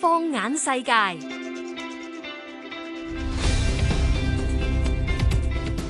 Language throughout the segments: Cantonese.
放眼世界。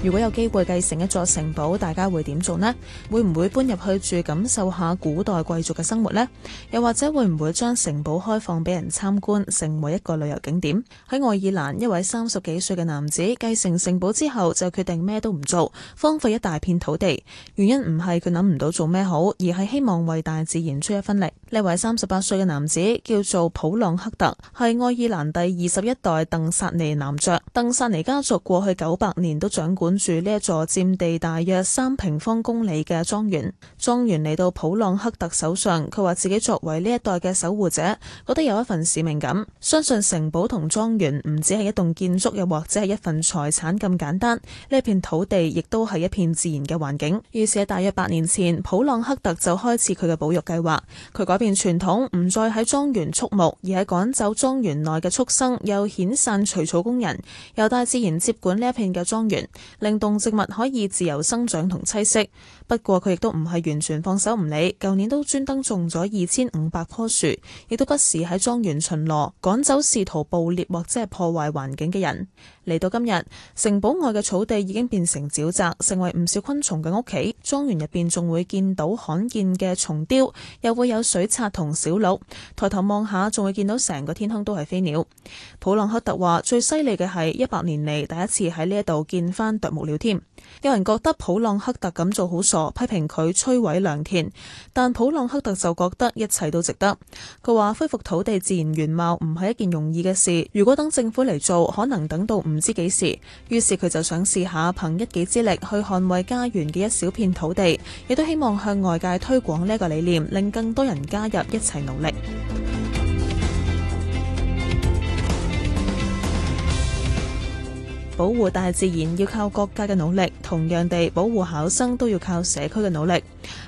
如果有機會繼承一座城堡，大家會點做呢？會唔會搬入去住，感受下古代貴族嘅生活呢？又或者會唔會將城堡開放畀人參觀，成為一個旅遊景點？喺愛爾蘭，一位三十幾歲嘅男子繼承城堡之後，就決定咩都唔做，荒廢一大片土地。原因唔係佢諗唔到做咩好，而係希望為大自然出一分力。呢位三十八歲嘅男子叫做普朗克特，係愛爾蘭第二十一代鄧薩尼男爵。鄧薩尼家族過去九百年都掌管住呢一座佔地大約三平方公里嘅莊園。莊園嚟到普朗克特手上，佢話自己作為呢一代嘅守護者，覺得有一份使命感。相信城堡同莊園唔只係一棟建築，又或者係一份財產咁簡單。呢一片土地亦都係一片自然嘅環境。於是喺大約八年前，普朗克特就開始佢嘅保育計劃。佢改變傳統，唔再喺莊園畜牧，而係趕走莊園內嘅畜生，又遣散除草工人，由大自然接管呢一片嘅莊園，令動植物可以自由生長同棲息。不過佢亦都唔係完全放手唔理，舊年都專登種咗二千五百棵樹，亦都不時喺莊園巡邏，趕走試圖捕獵或者係破壞環境嘅人。嚟到今日，城堡外嘅草地已經變成沼澤，成為唔少昆蟲嘅屋企。莊園入邊仲會見到罕見嘅蟲雕，又會有水察同小鹿抬頭望下，仲會見到成個天空都係飛鳥。普朗克特話最犀利嘅係一百年嚟第一次喺呢一度見翻啄木鳥添。有人覺得普朗克特咁做好傻，批評佢摧毀良田，但普朗克特就覺得一切都值得。佢話恢復土地自然原貌唔係一件容易嘅事，如果等政府嚟做，可能等到唔知幾時。於是佢就想試下憑一己之力去捍衛家園嘅一小片土地，亦都希望向外界推廣呢個理念，令更多人加。加入一齊努力。保護大自然要靠國家嘅努力，同樣地保護考生都要靠社區嘅努力。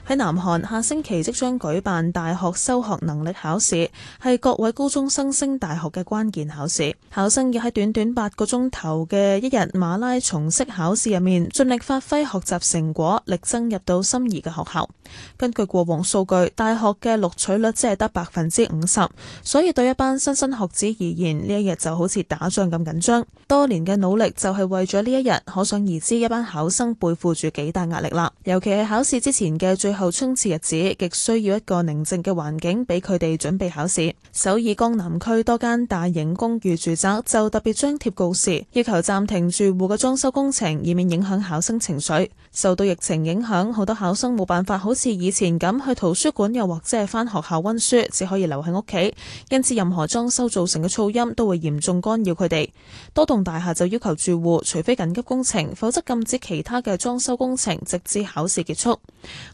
喺南韓下星期即將舉辦大學修學能力考試，係各位高中生升大學嘅關鍵考試。考生要喺短短八個鐘頭嘅一日馬拉松式考試入面，盡力發揮學習成果，力爭入到心儀嘅學校。根據過往數據，大學嘅錄取率只係得百分之五十，所以對一班新生學子而言，呢一日就好似打仗咁緊張。多年嘅努力。就係、是、為咗呢一日，可想而知一班考生背負住幾大壓力啦。尤其係考試之前嘅最後衝刺日子，極需要一個寧靜嘅環境俾佢哋準備考試。首爾江南區多間大型公寓住宅就特別張貼告示，要求暫停住戶嘅裝修工程，以免影響考生情緒。受到疫情影響，好多考生冇辦法好似以前咁去圖書館，又或者係翻學校溫書，只可以留喺屋企。因此，任何裝修造成嘅噪音都會嚴重干擾佢哋。多棟大廈就要求。住戶，除非緊急工程，否則禁止其他嘅裝修工程，直至考試結束。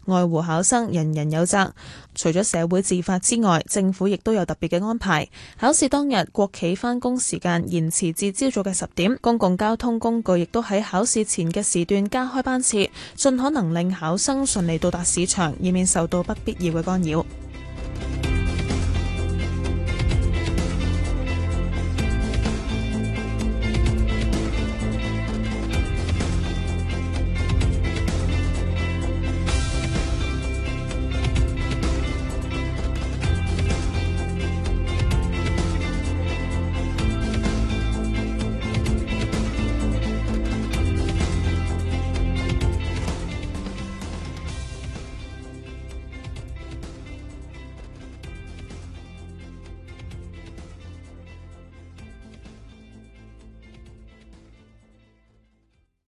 外戶考生人人有責，除咗社會自發之外，政府亦都有特別嘅安排。考試當日，國企翻工時間延遲至朝早嘅十點，公共交通工具亦都喺考試前嘅時段加開班次，盡可能令考生順利到達市場，以免受到不必要嘅干擾。